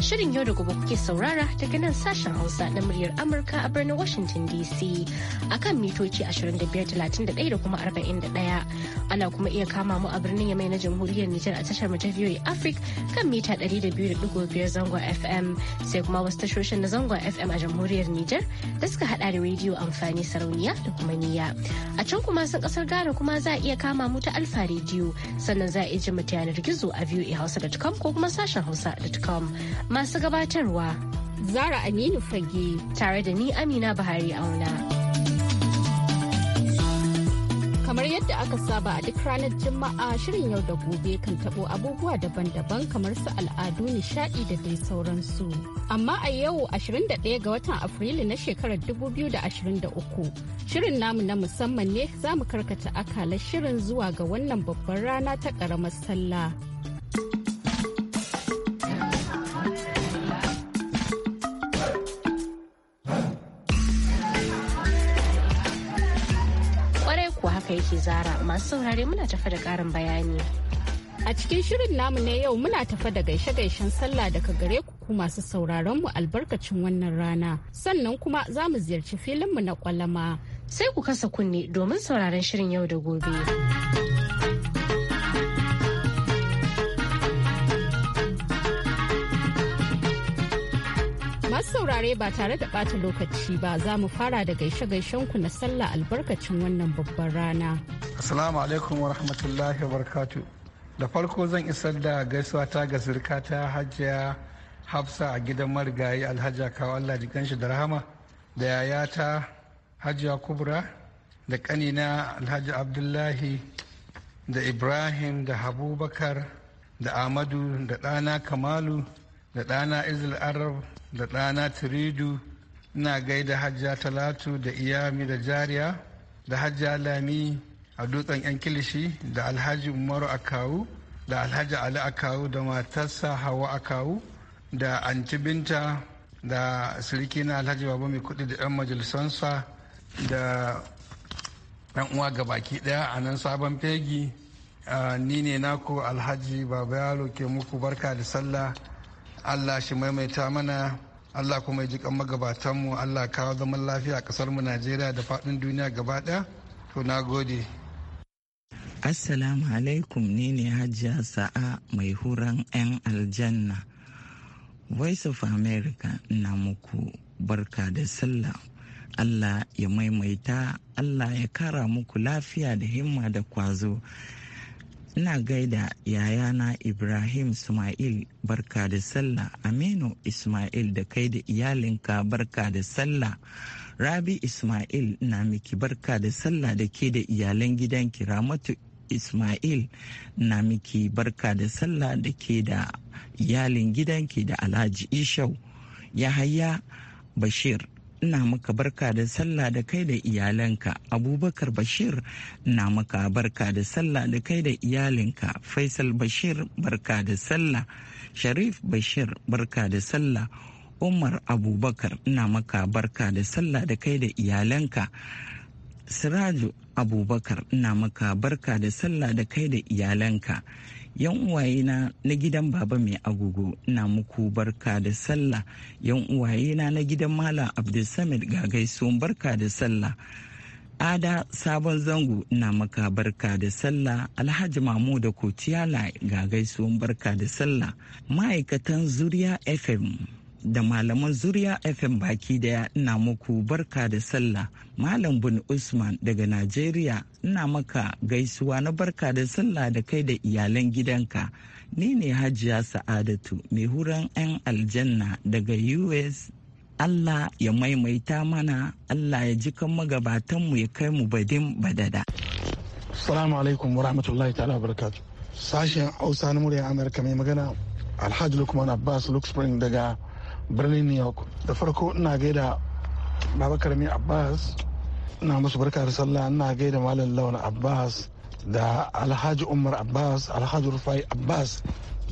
Shirin yau da gobe kuke saurara daga nan sashen Hausa na muryar Amurka a birnin Washington DC akan mitoci 2531 da kuma 41. ana kuma iya kama mu a birnin yamai na jamhuriyar Nijar a tashar ta VOA Africa kan mita 200.5 zangon FM sai kuma wasu tashoshin na zangon FM a jamhuriyar Nijar da suka hada da rediyo amfani sarauniya da kuma niya. A can kuma sun kasar Ghana kuma za a iya kama mu ta Alfa rediyo sannan za a iya ji mata yanar gizo a Hausa voahausa.com ko kuma sashen hausa.com masu gabatarwa. Zara Aminu Fage tare da ni Amina Buhari Auna. kamar yadda aka saba a duk ranar jima'a shirin yau da gobe kan tabo abubuwa daban-daban kamar su al'adu, nishadi da dai sauransu. Amma a yau 21 ga watan Afrilu na shekarar 2023 shirin namu na musamman ne za mu karkata akalar shirin zuwa ga wannan babbar rana ta karamar sallah. zara masu saurare muna tafa da karin bayani. A cikin shirin namu na yau muna tafa da gaishe-gaishen sallah daga gare ku masu sauraron mu albarkacin wannan rana. Sannan kuma za mu ziyarci filinmu na kwalama. Sai ku kasa kunne domin sauraron shirin yau da gobe. saurare ba tare da ɓata lokaci ba za mu fara da gaishe-gaishen ku na sallah albarkacin wannan babban rana. Assalamu alaikum wa rahmatullahi wa barakatu. Da farko zan isar da gaisuwa ta ga zirkata hajiya Hafsa a gidan marigayi Alhaji Kawo Allah jikan shi da rahama da yayata Hajiya Kubra da kanina Alhaji Abdullahi da Ibrahim da Habubakar da Amadu da ɗana Kamalu da ɗana Izil Arab da ɗana tiridu ina gaida hajja talatu da iyami da jariya da hajja lami a dutsen yan kilishi da alhaji umaru akawu da alhaji ali akawu da matarsa hawa akawu da anti binta da na alhaji babu mai kudi da yan majalisansa da yan uwa ga baki daya a nan sabon fegi ni ne naku alhaji baba yalo ke muku barka da sallah allah shi maimaita mana allah kuma ji kan magabatanmu allah kawo zaman lafiya a ƙasarmu najeriya da faɗin duniya gaba ɗaya to na gode assalamu alaikum ni ne hajiya sa'a mai huran 'yan aljanna voice of america na muku barka da sallah allah ya maimaita allah ya kara muku lafiya da himma da kwazo ina gaida yayana ibrahim ismail barka da sallah aminu ismail da kai da iyalinka barka da sallah rabi ismail na miki barka da sallah da ke da iyalan gidanki ramatu ismail na miki barka da sallah da ke da iyalin gidanki da alhaji ishau yahaya bashir ina maka barka da sallah da kai da iyalanka abubakar bashir na maka barka da sallah da kai da iyalinka faisal bashir barka da sallah sharif bashir barka da sallah umar abubakar ina maka barka da sallah da kai da iyalanka siraju abubakar ina maka barka da sallah da kai da iyalanka yan uwaye na na gidan baba mai agogo na muku barka da sallah yan uwaye na na gidan malam abdulsamid ga gaisuwan barka da sallah ada sabon zango na maka barka da sallah alhaji mamu da kociyala ga gaisuwan barka da sallah ma'aikatan zuriya fm da malaman zuriya fm baki daya ina muku barka da sallah malam bin usman daga najeriya ina maka gaisuwa na barka da sallah da kai da iyalan gidanka ni ne hajiya sa'adatu mai huran 'yan aljanna daga us allah ya maimaita mana allah ya ji kan magabatanmu ya kai mu badin badada salamu alaikum wa rahmatullahi ta'ala barakatu sashen hausa na muryar amurka mai magana alhaji lukman abbas spring daga birnin new york da farko ina gaida baba karami abbas ina musu barka da sallah ina gaida malam lawan abbas da alhaji umar abbas alhaji rufai abbas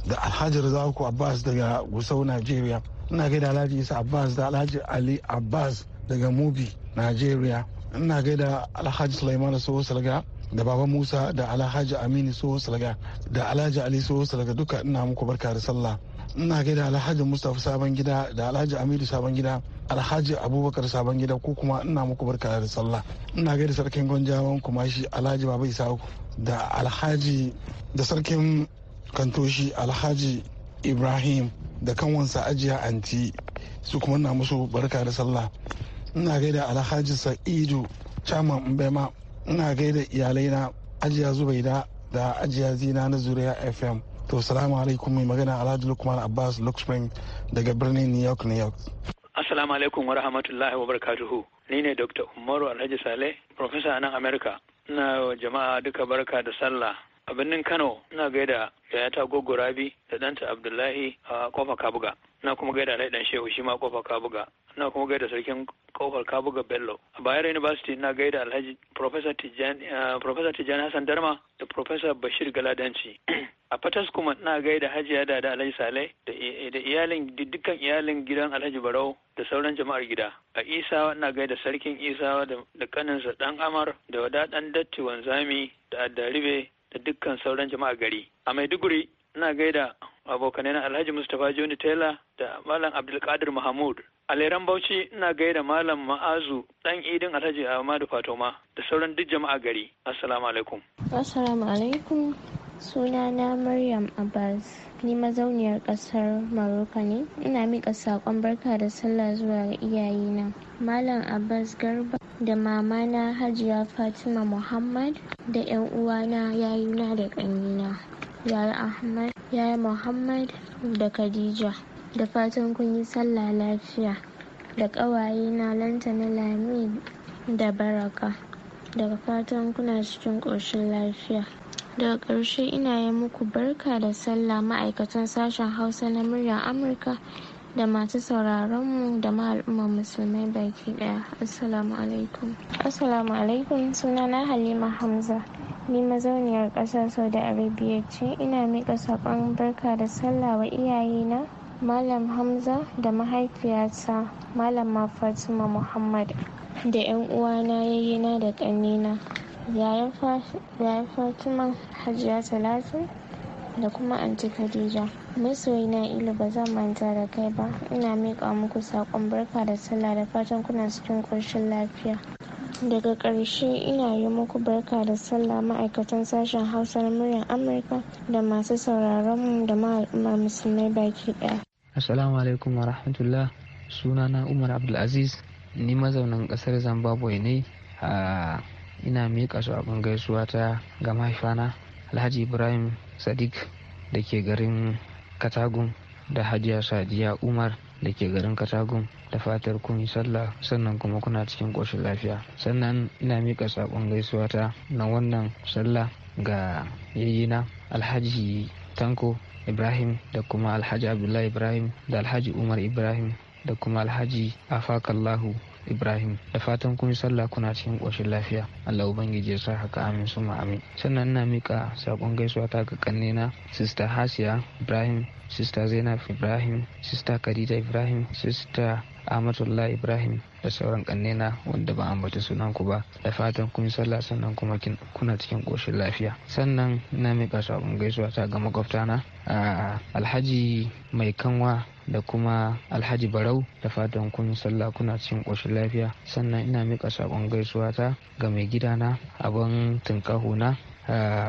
da alhaji rizaku abbas daga gusau nigeria ina gaida alhaji isa abbas da alhaji ali abbas daga mubi nigeria ina gaida alhaji sulaiman sowo salga da baba musa da alhaji aminu sowo salga da alhaji ali sowo salga duka ina muku barka da sallah ina gaida alhaji mustapha sabon gida da alhaji amiru sabon gida alhaji abubakar sabon gida ko kuma ina muku barka da sallah ina gaida sarkin gwanjawan kuma shi alhaji baba isa da alhaji da sarkin kantoshi alhaji ibrahim da kanwansa ajiya anti su kuma na musu barka da sallah ina gaida alhaji sa'idu chama mbema ina gaida iyalaina ajiya zubaida da ajiya zina na zuriya fm to salamu alaikum mai magana alhaji lukman abbas luxpring daga birnin new york new york assalamu alaikum wa rahmatullahi wa barakatuhu ni ne dr umaru alhaji saleh Profesa nan america na jama'a duka barka da sallah a birnin kano ina gaida yayata gogo rabi da ɗanta abdullahi a kofa kabuga na kuma gaida alai dan shehu shi ma kofar kabuga na kuma gaida sarkin kofar kabuga bello a bayero university na gaida alhaji professor tijjani eh, professor tijjani hassan darma da professor bashir galadanci a fatas kuma na gaida hajiya da da alhaji Saleh da iyalin dukkan iyalin gidan alhaji barau da sauran jama'ar gida a isawa na gaida sarkin isawa da kaninsa dan amar da wada dan datti wanzami da addaribe da dukkan sauran jama'ar gari a maiduguri na gaida abokanai na Alhaji Mustapha Joni Taylor da Malam Abdulkadir Mahmud. A leran Bauchi ina gaida Malam Ma'azu dan idin Alhaji Ahmadu Fatoma da sauran duk jama'a gari. Assalamu alaikum. Assalamu alaikum. Suna na Maryam Abbas. Ni mazauniyar kasar Morocco ne. Ina miƙa saƙon barka da sallah zuwa ga iyayena. Malam Abbas Garba da mamana Hajiya Fatima Muhammad da 'yan uwana yayuna da ƙanina. Yaya Ahmad yaya Muhammad da Khadija. Da fatan kun yi sallah lafiya da ƙawaye na lantana lami da baraka. Daga fatan kuna cikin ƙoshin lafiya. Daga ƙarshe ina yi muku barka da sallah ma'aikatan sashen Hausa na muryar Amurka da masu sauraronmu da ma al'ummar musulmai baki daya assalamu alaikum assalamu alaikum sunana halima hamza ni mazauniyar ƙasar saudi arabia ce ina miƙa saƙon barka da sallah wa iyayena malam hamza da mahaifiyata malama fatima muhammad da 'yan uwana yayina da ƙannina yayin fatima hajiya talatu da kuma anti khadija masoyi na ilu ba zan manta da kai ba ina miƙa muku saƙon barka da sallah da fatan kuna cikin ƙoshin lafiya daga ƙarshe ina yi muku barka da sallah ma'aikatan sashen hausa na muryar amurka da masu sauraron mu da ma musulmai baki ɗaya. assalamu alaikum wa rahmatullah sunana umar abdulaziz ni mazaunin ƙasar zimbabwe ne a ina miƙa su abin gaisuwa ta ga mahaifana alhaji ibrahim sadiq da ke garin katagun da hajiya sadiya umar da ke garin katagun da fatar kun yi sallah sannan kuma kuna cikin ƙoshin lafiya sannan ina miƙa saƙon gaisuwa ta na wannan sallah ga yayyina alhaji tanko ibrahim da kuma alhaji abdullahi ibrahim da alhaji umar ibrahim da kuma alhaji afakallahu ibrahim da fatan kun sallah kuna cikin ƙoshin lafiya allah ubangiji ya sa haka amin su amin sannan na miƙa saƙon gaisuwa ta ga kannena sista hasiya ibrahim sista zainab ibrahim sista khadija ibrahim sista Ahmadullah Ibrahim da sauran kannena wanda ba ambaci sunan ku ba da fatan kun sallah sannan kuma kuna cikin koshin lafiya sannan na miƙa sabon gaisuwa ta ga na alhaji mai kanwa da kuma alhaji barau da fatan kun sallah kuna cikin koshin lafiya sannan ina miƙa sabon gaisuwa ta ga mai gidana abin tunkahuna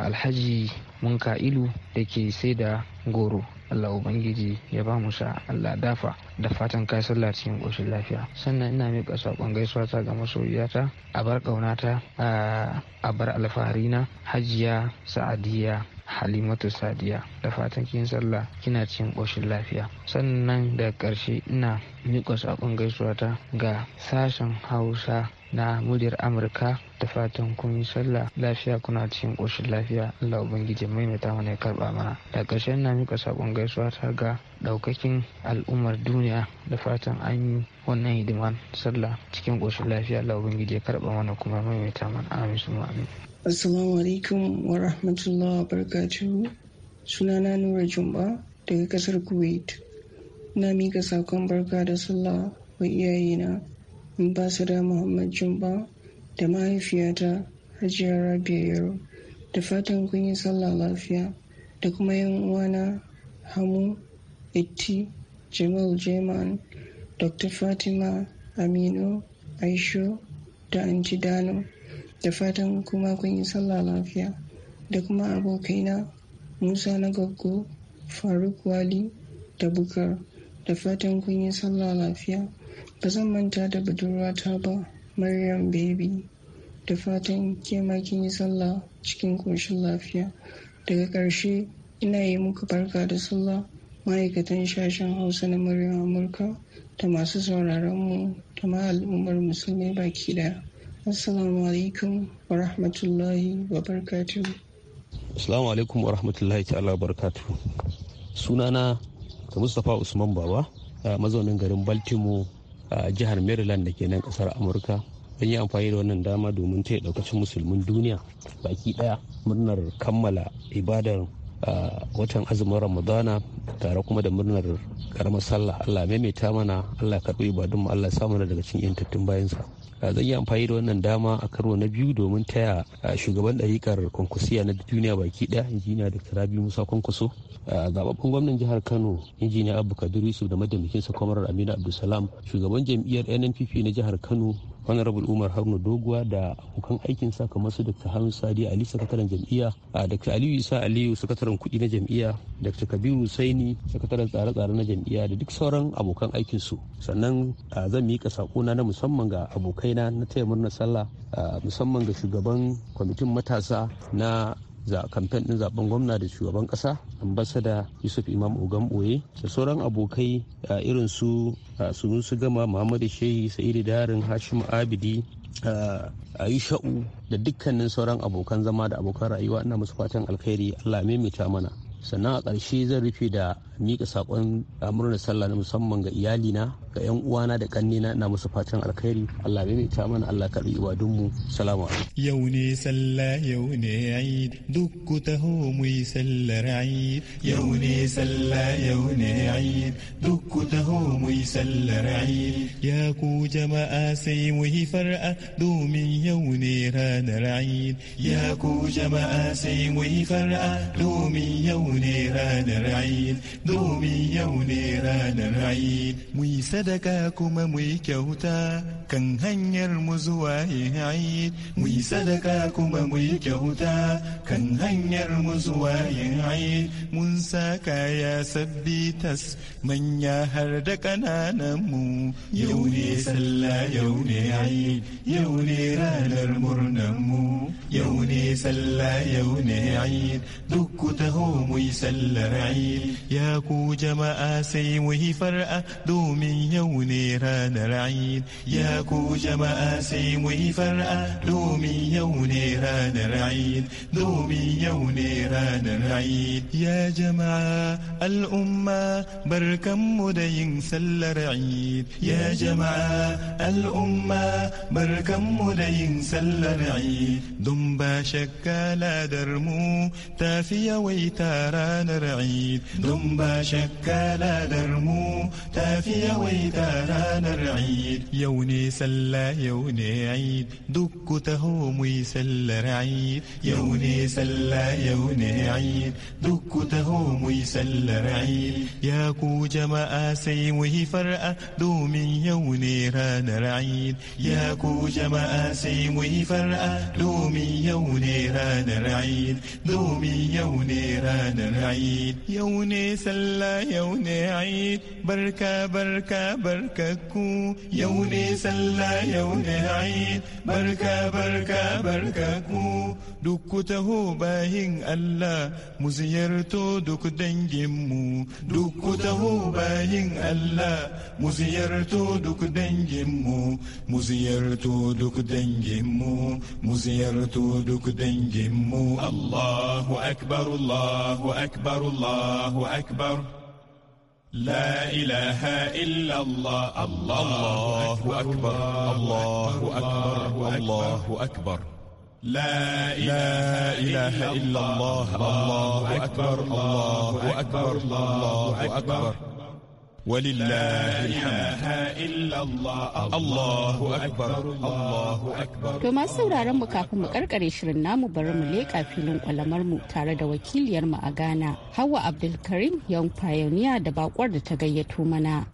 alhaji munka'ilu da ke sai da goro Allah Ubangiji ya ba mu sa Allah dafa da fatan kai sallah cikin koshin lafiya sannan ina miƙa saƙon gaisuwa ta ga masoyiyata a bar ƙaunata a bar alfaharina hajiya sa'adiya halimatu sadiya da fatan kin sallah kina cikin ƙoshin lafiya sannan da ƙarshe ina miƙa saƙon gaisuwa ta ga sashen hausa na muryar amurka da fatan kun yi sallah lafiya kuna cikin ƙoshin lafiya allah ubangiji maimaita mana ya karba mana da ƙarshen na mika saƙon gaisuwa ta ga ɗaukakin al'ummar duniya da fatan an yi wannan hidiman sallah cikin ƙoshin lafiya allah ubangiji ya karba mana kuma maimaita mana amin su amin assalamu wa rahmatullahi wa barakatuhu sunana nura jumba daga kasar kuwait na mika saƙon barka da sallah wa iyayena Basira Muhammad Jumba da mahaifiyata Hajiya Rabia Yaro. Da fatan kun yi sallah lafiya da kuma yan uwana Hamu Itti Jamal Jeman Dr. Fatima Aminu Aisho da Anti Dano. Da fatan kuma kun yi sallah lafiya da kuma abokaina Musa na Gaggo Faruk Wali da Bukar. Da fatan kun yi sallah lafiya. ba zan manta da budurwata ba maryam baby da fatan kema kin yi sallah cikin koshin lafiya daga ƙarshe ina yi muku barka da sallah ma'aikatan shashen hausa na maryam amurka da masu sauraronmu mu da ma al'ummar musulmi baki daya assalamu alaikum wa rahmatullahi wa barkatu assalamu alaikum wa rahmatullahi ta'ala wa barkatu sunana da mustapha usman baba mazaunin garin baltimore a jihar maryland da ke nan kasar amurka an yi amfani da wannan dama domin taya daukacin musulmin duniya baki daya murnar kammala ibadar watan azumin ramadana tare kuma da murnar karamar sallah allah maimaita mana allah karbi ibadun mu allah samu daga cikin yantattun bayansa zan yi amfani da wannan dama a karo na biyu domin taya shugaban ɗarikar kwankwasiya na duniya baki ɗaya injiniya ta rabi musa kwankwaso zababben gwamnan jihar kano injiniya abu kadir yusuf da madamakinsa kwamarar aminu abdulsalam shugaban jam'iyyar nnpp na jihar kano honorable umar haruna doguwa da abokan aikin sa kamar su dr hamid sadi ali sakataren jam'iyya a dr aliyu isa aliyu sakataren kuɗi na jam'iyya dr kabiru saini sakataren tsare-tsare na jam'iyya da duk sauran abokan aikinsu su sannan zan miƙa sakona na musamman ga abokaina na taya murnar sallah musamman ga shugaban kwamitin matasa na za kamfen din zaben gwamna da shugaban kasa ambasada yusuf imam ogan boye da sauran abokai irin su su gama muhammadu shehi sa'idu darin hashim abidi aisha'u da dukkanin sauran abokan zama da abokan rayuwa ina musu fatan alkhairi allah maimaita mana sannan a ƙarshe zan rufe da miƙa saƙon murnar sallah na musamman ga iyalina ga 'yan uwana da ƙannena na musu fatan alkhairi Allah bai ta mana Allah karɓi ibadunmu salamu alaikum yau ne sallah yau ne eid duk ku taho mu yi sallar eid yau ne sallah yau ne eid duk ku taho mu yi sallar eid ya ku jama'a sai mu yi far'a domin yau ne ranar eid ya ku jama'a sai mu yi far'a domin yau ne ranar eid domin yau ne ranar ayi mu yi sadaka kuma mu yi kyauta kan hanyar mu zuwa ayi mu yi sadaka kuma mu yi kyauta kan hanyar mu zuwa ayi mun sa kaya sabbi tas manya har da kananan mu yau ne sallah yau ne ayi yau ne ranar murnan mu yau ne sallah yau ne ayi duk ku taho mu yi sallar ayi ku jama'a sai mu yi far'a domin yau ne ranar Eid ya ku jama'a sai mu yi far'a domin yau ne ranar Eid domin yau ne ranar Eid ya jama'a al'umma barkanmu da yin sallar Eid ya jama'a al'umma barkanmu da yin sallar Eid don ba shakka ladar mu ta fi yawaita ranar Eid don ba لا شك لا درمو تافيا ويتانا نرعيد يوني سلا يوني عيد دك تهوم يسل رعيد يوني سلا يوني عيد دك تهوم يسل رعيد يا كو جما وهي فرقة دومي يوني ران رعيد يا كو جما وهي فرقة دومي يوني ران رعيد دومي يوني ران رعيد يوني سلا sallah yau ne Eid barka barka barka ku yau ne sallah yau ne barka barka barka ku duk ku taho bayin Allah mu ziyarto duk dangin mu duk ku taho bayin Allah mu ziyarto duk dangin mu mu ziyarto duk dangin mu mu ziyarto duk dangin mu Allahu akbar Allahu akbar Allahu akbar أكبر لا إله إلا الله الله الله أكبر الله أكبر الله أكبر لا إله لا إله إلا الله الله الله أكبر أكبر الله أكبر الله أكبر الله أكبر ولله الحمد الله أكبر الله أكبر to masu sauraron mu kafin mu karkare shirin namu bari mu leƙa filin kwalamar mu tare da wakiliyar mu a Ghana Hawwa Abdulkarim Young Pioneer da bakwar da ta gayyato mana.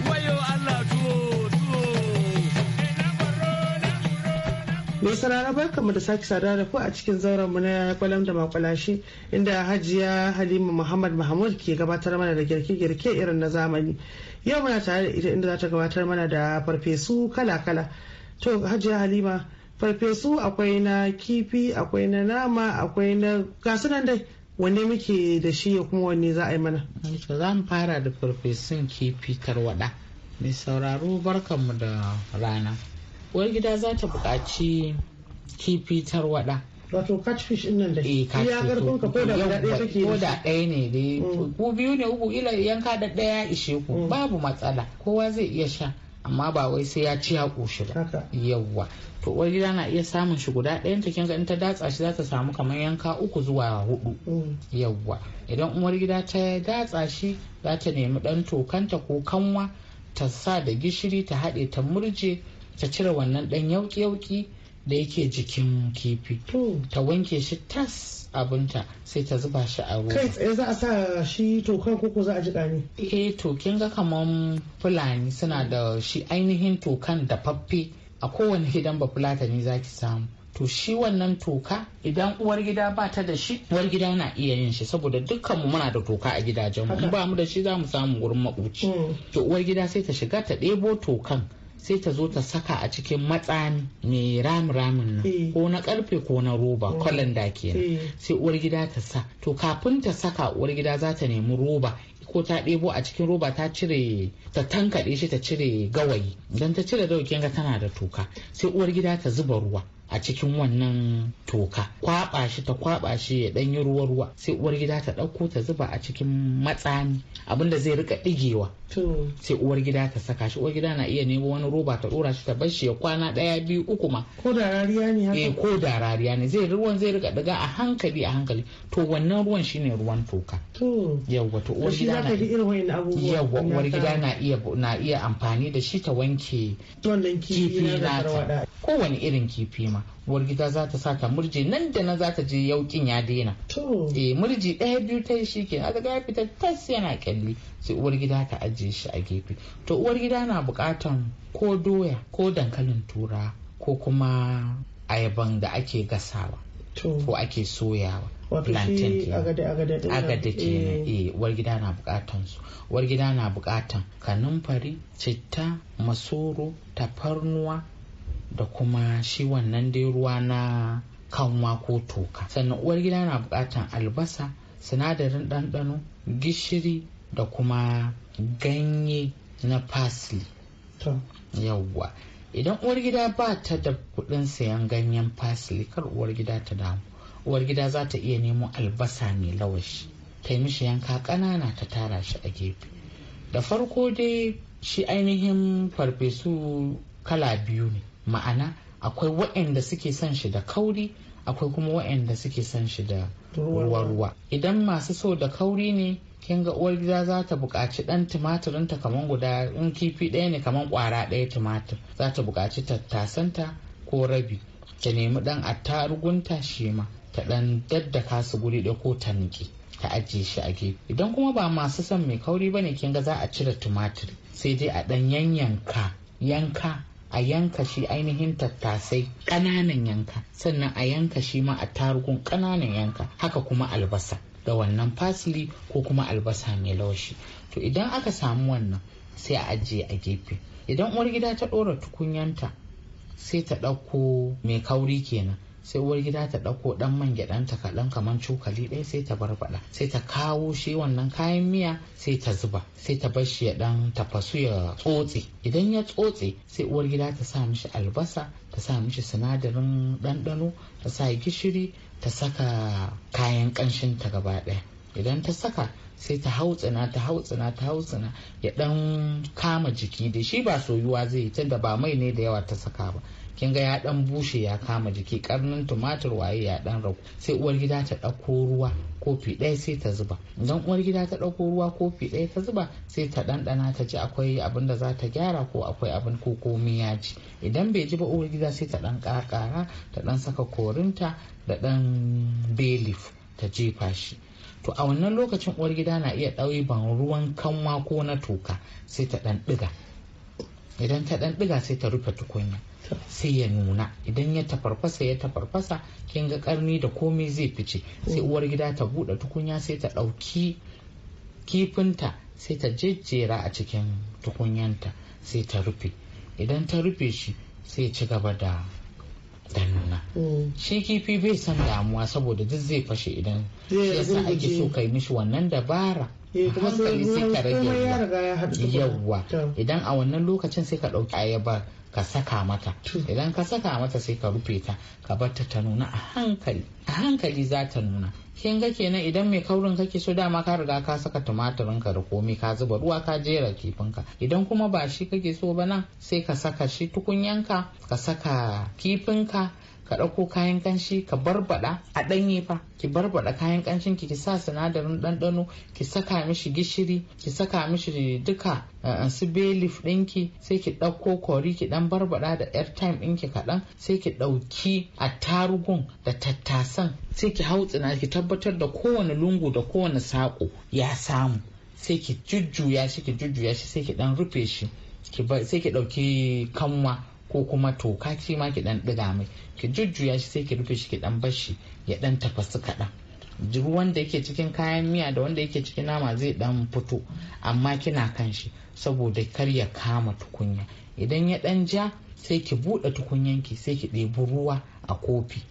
mai sarara barkamu da sake sada da ku a cikin zauren mu na kwalam da makwalashi inda hajiya halima muhammad mahmud ke gabatar mana da girke-girke irin na zamani yau muna tare da ita inda za ta gabatar mana da farfesu kala-kala to hajiya halima farfesu akwai na kifi akwai na nama akwai na gasu nan dai wanne muke da shi ya kuma wanne za a yi mana fara da farfesun kifi tarwada mai sauraro barkanmu da rana uwar gida za ta buƙaci kifi tarwaɗa wato catfish din nan eh, da shi ya garkon ka da ɗaya take shi. da ɗaya ne dai mm. ku biyu ne uku ila yanka da ɗaya ishe ku mm. babu matsala kowa zai iya sha amma ba wai sai ya ci ya ƙoshi ba yawwa to uwar gida na iya samun shi guda ɗayan ta kinga in ta datsa shi za ta samu kamar yanka uku zuwa hudu mm. yawwa idan uwar gida ta datsa shi za ta nemi ɗan tokanta ko kanwa ta sa da gishiri ta haɗe ta murje ta cire wannan ɗan yauki-yauki da yake jikin kifi ta wanke shi tas abinta sai ta zuba shi a ruwa kai tsaye za a sa shi tokan koko za a jiƙa ne eh to kin ga kaman fulani suna da shi ainihin tokan da faffe a kowane gidan bafulatani zaki samu to shi wannan toka idan uwar gida ba ta da shi uwar gida na iya yin shi saboda dukkan mu muna da toka a gidajen mu ba mu da shi za mu samu gurin makuci hmm. to uwar gida sai ta shiga ta ɗebo tokan sai ta zo ta saka a cikin matsani mai ram ramin nan eh. ko na karfe ko na roba kwalanda oh. kenan eh. sai uwar gida ta sa to kafin ta saka uwar gida za ta nemi roba ko ta ɗebo a cikin roba ta cire ta tankaɗe shi ta cire gawayi don ta cire gawayi kinga tana da toka sai uwar gida ta zuba ruwa a cikin wannan toka kwaba shi ta kwaba shi ya dan yi ruwa ruwa sai uwar gida ta dauko ta zuba a cikin matsani abinda zai rika digewa sai uwar gida ta saka shi uwar gida na iya nemo wani roba ta dora shi ta bar shi ya kwana daya biyu uku ma ko da rariya ne eh ko da rariya ne zai ruwan zai rika daga a hankali a hankali to wannan ruwan shine ruwan toka to yawa to uwar gida na yawa uwar gida na iya na iya amfani da shi ta wanke kifi na kowane irin kifi ma uwar gida za ta saka murji nan da nan za ta je yaukin ya daina eh murji ɗaya biyu ta yi shi ke a ya fita tas yana kyalli sai uwar gida ta ajiye shi a gefe to uwar gida na buƙatan ko doya ko dankalin tura ko kuma ayaban da ake gasawa ko ake soyawa plantain agada kenan eh, eh gida na bukatan su wargida na bukatan kanumfari citta masoro tafarnuwa da kuma shi wannan dai ruwa na kanwa ko toka sannan uwar gida na bukatan albasa sinadarin ɗanɗano gishiri da kuma ganye na parsley yawwa idan uwar gida ba ta da kuɗin sayan ganyen parsley kar uwar gida ta damu uwar gida za ta iya nemo albasa mai lawashi ta yi mishi yanka ƙanana ta tara shi a gefe da farko dai shi ainihin farfesu kala biyu ne ma'ana akwai waɗanda suke son shi da kauri akwai kuma waɗanda suke son shi da ruwa-ruwa idan masu so da kauri ne kin ga uwar gida za ta buƙaci ɗan tumatirinta kamar guda in kifi ɗaya ne kamar ƙwara ɗaya tumatir za ta buƙaci tattasanta ko rabi ta nemi ɗan attarugunta shi ma ta ɗan daddaka su guri ɗaya ko ta niƙe ta ajiye shi a gefe idan kuma ba masu son mai kauri ba ne kin ga za a cire tumatir sai dai a ɗan yanyanka yanka a yanka shi ainihin tattasai ƙananan yanka sannan a yanka shi ma a tarugun ƙananan yanka haka kuma albasa da wannan fasili ko kuma albasa mai laushi to idan aka samu wannan sai a ajiye a gefe idan uwar gida ta ɗora tukunyanta sai ta ɗauko mai kauri kenan sai uwar gida ta ɗauko ɗan man gyaɗan ta kaɗan kamar cokali ɗaya sai ta barbaɗa sai ta kawo shi wannan kayan miya sai ta zuba sai ta bar shi ya ɗan tafasu ya tsotse idan ya tsotse sai uwar gida ta sa mishi albasa ta sa mishi sinadarin ɗanɗano ta sa gishiri ta saka kayan ƙanshin ta gaba ɗaya idan ta saka sai ta hautsina ta hautsina ta hautsina ya ɗan kama jiki da shi ba soyuwa zai yi tunda ba mai ne da yawa ta saka ba kin ga ya dan bushe ya kama jiki karnin tumatir waye ya dan ragu sai uwar gida ta ɗauko ruwa kofi ɗaya sai ta zuba idan uwar gida ta ɗauko ruwa kofi ɗaya ta zuba sai ta ɗanɗana ta ji akwai abin da za ta gyara ko akwai abin ko komi ya ji idan bai ji ba uwar gida sai ta ɗan ƙaƙara ta ɗan saka korinta da ɗan belif ta jefa shi to a wannan lokacin uwar gida na iya ɗauyi ban ruwan kanwa ko na toka sai ta ɗan ɗiga idan ta ɗan ɗiga sai ta rufe tukunya sai ya nuna idan ya tafarfasa ya tafarfasa kin ga karni da komai zai fice sai mm. uwar gida ta bude tukunya sai ta dauki kifinta sai ta jejjera a cikin tukunyanta sai ta rufe idan ta rufe shi sai ci gaba da da nuna mm. shi kifi bai san damuwa saboda duk zai fashe idan yasa ake so kai mishi wannan dabara eh, hankali sai ka rage yawwa idan a wannan lokacin sai ka ɗauki ayaba ka saka mata idan ka saka mata sai ka rufe ta ka bar ta ta nuna a hankali a hankali za ta nuna kin ga kenan idan mai kaurin kake so dama ka riga ka saka tumatirin ka da komai ka zuba ruwa ka jera kifin ka idan kuma ba shi kake so ba nan sai ka saka shi tukunyanka ka saka kifin ka ka ɗauko kayan kanshi ka barbaɗa a ɗanye fa ki barbaɗa kayan kanshin ki ki sa sinadarin ɗanɗano ki saka mishi gishiri ki saka mishi duka eh, su bay ɗinki sai ki ɗauko kori ki ɗan barbaɗa da yar time ɗinki kaɗan sai ki ɗauki attarugun da tattasan sai ki hautsina ki tabbatar da kowane lungu da kowane saƙo ya samu sai ki jujjuya shi ki jujjuya shi sai ki ɗan rufe shi sai ki ɗauki kanwa ko kuma toka ce ma ki dan diga mai ki jujjuya shi sai ki rufe shi ki dan bashi ya dan tafasu kaɗan ruwan wanda yake cikin kayan miya da wanda yake cikin nama zai dan fito amma kina kan shi saboda kar ya kama tukunya idan ya dan ja sai ki buɗe ki sai ki ɗebi ruwa a kofi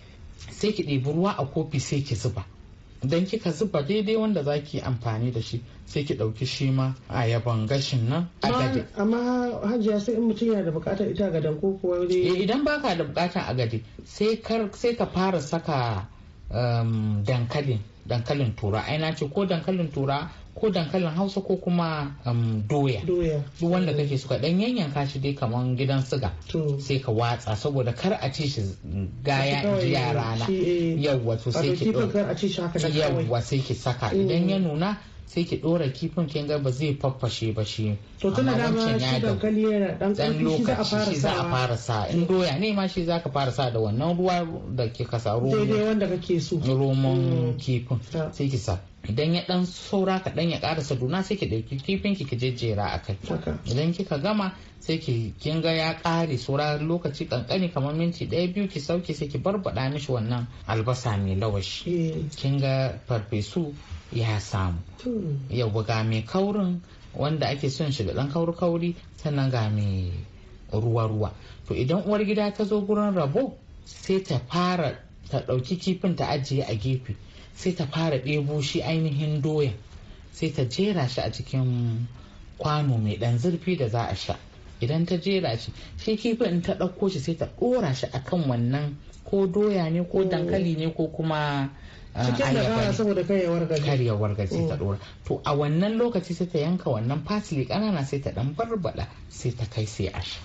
sai ki ɗebi ruwa a kofi sai ki zuba dan kika zuba daidai wanda zaki yi amfani da shi sai ki ɗauki shi ma ayaban gashin nan agade. Amma hajiya sai in mutum yana da bukatar ita agadan ko kuwa dai. Eh, idan baka da bukatar agade sai ka fara saka um, dankalin dankalin tura aina ce ko dankalin tura ko dankalin hausa ko kuma um, doya duk wanda kake suka dan yanyanka shi dai kaman gidan siga sai ka watsa saboda kar a ci shi gaya ji yara na eh. sai ki yawwa sai ki saka mm. idan ya nuna sai ki dora kifin kin ga ba zai faffashe ba shi to tana da ba shi dankali yana dan lokaci shi za a fara sa in doya ne ma shi zaka fara sa da wannan ruwa da kika sa ruwa daidai wanda kake so romon mm. kifin sai ki sa idan ya dan saura kaɗan ya karasa duna sai ki ɗauki kifin ki jejjera a kai idan kika gama sai ki kin ga ya kare saura lokaci kankani kamar minti ɗaya biyu ki sauke sai ki barbaɗa mishi wannan albasa mai lawashi kin ga farfesu ya samu ya buga mai kaurin wanda ake son shiga da ɗan kauri kauri sannan ga mai ruwa ruwa to idan uwar gida ta zo gurin rabo sai ta fara ta ɗauki kifin ta ajiye a gefe sai ta fara ɗebo shi ainihin doyan sai ta jera shi a cikin kwano mai ɗan zurfi da za a sha idan ta jera shi shi kifin in ta ɗauko shi sai ta ɗora shi a kan wannan ko doya ne ko oh. dankali ne ko kuma ah, cikin da saboda karyawar gaji ta oh. ɗora to a wannan lokaci sai ta yanka wannan fasili kanana sai ta ɗan barbaɗa sai ta kai sai a sha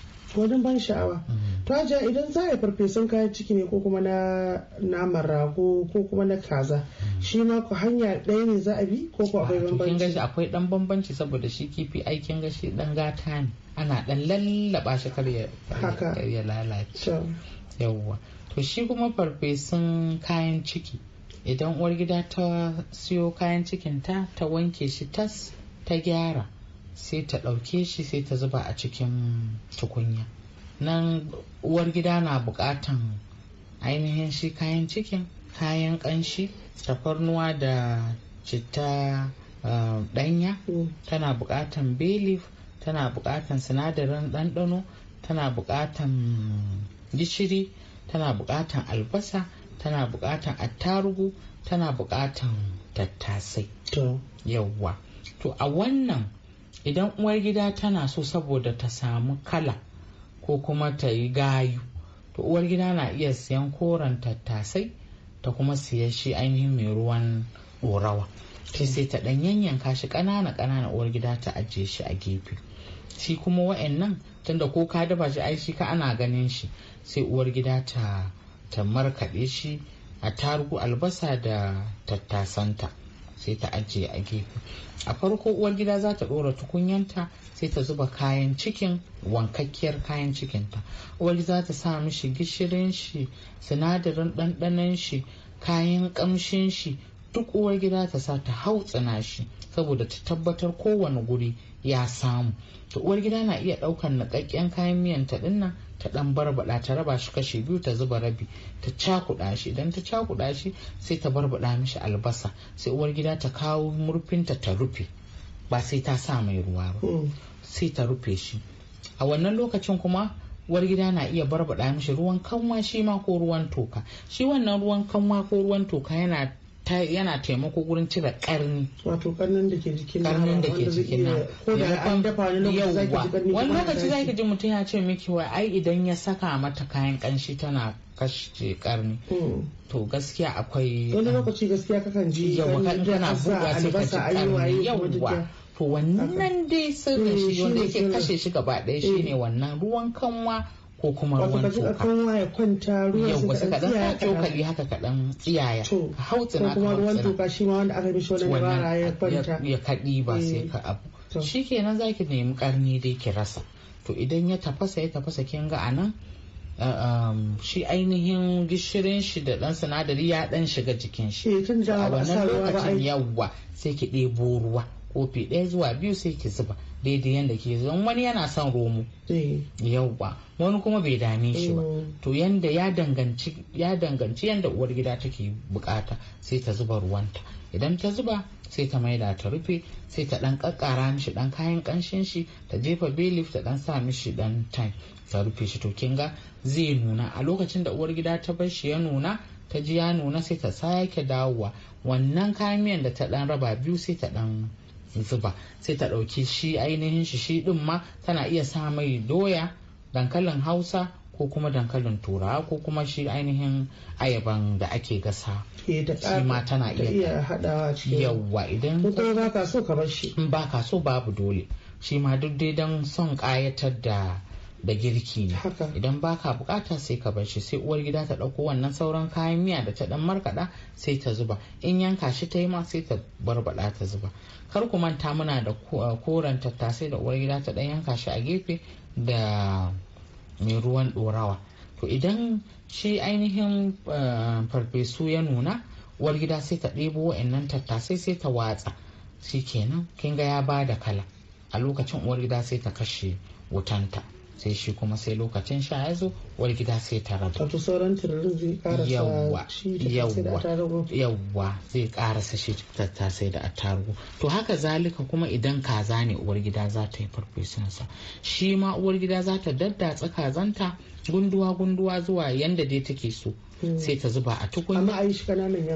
ban sha'awa mm. Raja idan za a farfesun kayan ciki ne ko kuma na naman rago ko kuma na kaza shi ma ku hanya ɗaya ne za a bi ko ku akwai bambanci. gashi akwai ɗan bambanci saboda shi kifi aikin gashi ɗan gata ne ana ɗan lallaba shi kar ya lalace. Yawwa to shi kuma farfesun kayan ciki idan uwar gida ta siyo kayan cikin ta ta wanke shi tas ta gyara sai ta ɗauke shi sai ta zuba a cikin tukunya. nan uwar gida na bukatan ainihin shi kayan cikin kayan kanshi tafarnuwa da citta danya eh, mm. tana bukatan bay tana bukatan sinadarin ɗanɗano tana bukatan gishiri tana bukatan albasa tana bukatan attarugu tana bukatan tattasai yawwa to a wannan idan uwar gida tana so saboda ta samu kala ko kuma ta yi gayu to uwar gida na iya siyan koren tattasai ta kuma siya shi ainihin mai ruwan ɗorawa shi sai ta ɗan yanyanka shi ƙanana ƙanana uwar gida ta ajiye shi a gefe shi kuma wa'annan tunda ko ka dafa shi ai shi ka ana ganin shi sai uwar gida ta ta markaɗe shi a tarugu albasa da tattasanta sai ta ajiye a gefe a farko uwar gida za ta ɗora tukunyanta sai ta zuba kayan cikin wankakkiyar kayan cikinta uwar za ta sa mishi gishirin shi sinadarin ɗanɗanon shi kayan ƙamshin shi duk uwar gida ta sa ta hautsina shi saboda ta tabbatar kowane guri ya samu to uwar gida na iya ɗaukar naƙaƙƙen kayan miyan ta dinnan ta dan barbada ta raba shi kashi biyu ta zuba rabi ta cakuɗa shi idan ta cakuɗa shi sai ta barbada mishi albasa sai uwar gida ta kawo murfinta ta rufe ba sai ta sa mai ruwa ba hmm. sai ta rufe shi a wannan lokacin kuma uwar gida na iya barbada mishi ruwan kanwa shi ma ko ruwan toka shi wannan ruwan kanwa ko ruwan toka yana yana taimako gurin cire karni wato karnin da ke jikin karnin da ke jikin nan ko da an dafa ne lokaci wani lokaci zaki ji mutum ya ce miki wai ai idan ya saka mata kayan kanshi tana kashe karni hmm. to gaskiya akwai wani lokaci gaskiya kakan ji yawa kana buga sai ka ji karni yawa to wannan dai sirrin hmm, shi wanda yake kashe shi gaba ɗaya shine hmm. wannan ruwan kanwa ko kuma ruwan toka ya kwanta ruwan suka dan tsiyaya cokali haka kaɗan tsiyaya ka hautsa na kuma ruwan toka shi ma wanda aka ya kwanta ya kaɗi ba eh, sai ka abu shikenan zaki nemi karni dai ki rasa to idan ya tafasa ya tafasa kin ga anan shi ainihin gishirin shi da dan sinadari ya dan shiga jikin shi eh, a wannan lokacin yawwa sai ki ɗebo ruwa kofi ɗaya zuwa biyu sai ki zuba daidai yadda ke zan wani yana son romo eh. yauwa wani kuma bai dame shi ba eh. to yadda ya danganci yadda yanda uwar gida take bukata sai ta zuba ruwanta idan ta zuba sai ta maida ta rufe sai ta dan kakkara mishi dan kayan kanshin shi ta jefa belif ta dan sa mishi dan time ta rufe shi to kin ga zai nuna a lokacin da uwar gida ta bar shi ya nuna ta ji ya nuna sai ta sake dawowa wannan kayan miyan da ta dan raba biyu sai ta dan zuba sai ta ɗauki shi ainihin shi shi ɗin ma tana iya sa mai doya dankalin hausa ko kuma dankalin turawa ko kuma shi ainihin ayaban da ake gasa eh, shi ma tana iya haɗawa cikin yawwa idan ba ka so babu dole shi ma duk dai don son ƙayatar da da girki ne idan baka bukata sai ka bar shi sai uwar gida ta dauko wannan sauran kayan miya da ta dan markada sai ta zuba in yanka shi ta yi ma sai ta barbada ta zuba kar ku manta muna da koren tattasai da uwar gida ta dan yanka shi a gefe da mai ruwan dorawa to idan shi ainihin farfesu ya nuna uwar gida sai ta ɗebo wa'annan tattasai sai ta watsa shi kenan kin ga ya bada kala a lokacin uwar gida sai ta kashe wutanta sai shi kuma sai lokacin sha ya zo wani gida sai ta rabu wato sauran tururin zai karasa shi da yawwa zai karasa shi tattasai da attarugu to haka zalika kuma idan kaza ne uwar gida za ta yi farfesunsa shi ma uwar gida za ta daddatsa kazanta gunduwa gunduwa zuwa yanda dai take so hmm. sai ta zuba a tukunya amma shi kananan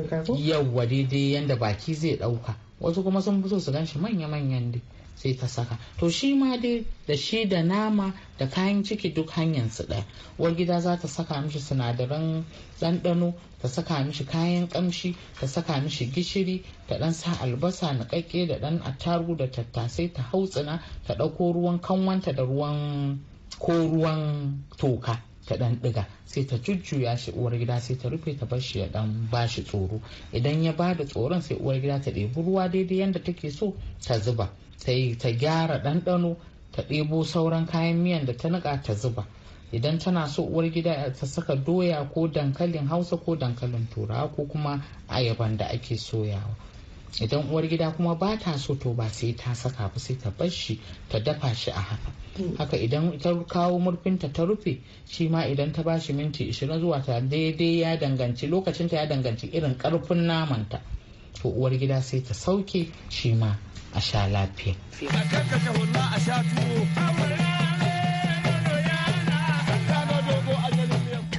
yawwa daidai yanda baki zai ɗauka wasu kuma sun fi so su gan shi manya manyan dai sai ka saka to shi ma dai da shi da nama da kayan ciki duk hanyar su ɗaya uwar gida za ta saka mishi sinadaran ɗanɗano ta saka mishi kayan ƙamshi ta saka mishi gishiri ta ɗan sa albasa niƙaƙƙe da ɗan attarugu da tattasai ta hau tsina ta ɗauko ruwan kanwanta da ruwan ko ruwan toka ta ɗan ɗiga sai ta jujjuya shi uwar gida sai ta rufe ta bashi ya dan bashi tsoro idan ya bada tsoron sai uwar gida ta ɗebi ruwa daidai yadda take so ta zuba ta yi ta gyara ɗanɗano ta ɗebo sauran kayan miyan da ta niƙa ta zuba idan tana so uwar gida ta saka doya ko dankalin hausa ko dankalin turawa ko kuma ayaban da ake soyawa idan uwar gida kuma ba ta so to ba sai ta saka ba sai ta bar shi ta dafa shi a haka haka idan ta kawo murfinta ta rufe shi ma idan ta bashi minti 20 zuwa ta daidai ya danganci lokacinta ya danganci irin karfin namanta to uwar gida sai ta sauke shi ma a sha lafiya.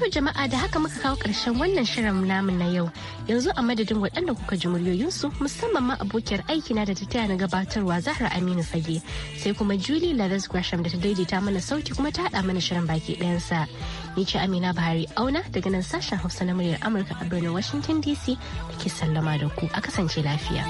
To jama'a da haka muka kawo ƙarshen wannan shirin namu na yau. Yanzu a madadin waɗanda kuka ji muryoyinsu musamman ma abokiyar aikina da ta taya na gabatarwa Zahra Aminu Fage sai kuma Julie Ladas Gresham da ta daidaita mana sauti kuma ta haɗa mana shirin baki ɗayansa. Ni ce Amina Bahari Auna daga nan sashen Hausa na muryar Amurka a birnin Washington DC da ke sallama da ku a kasance lafiya.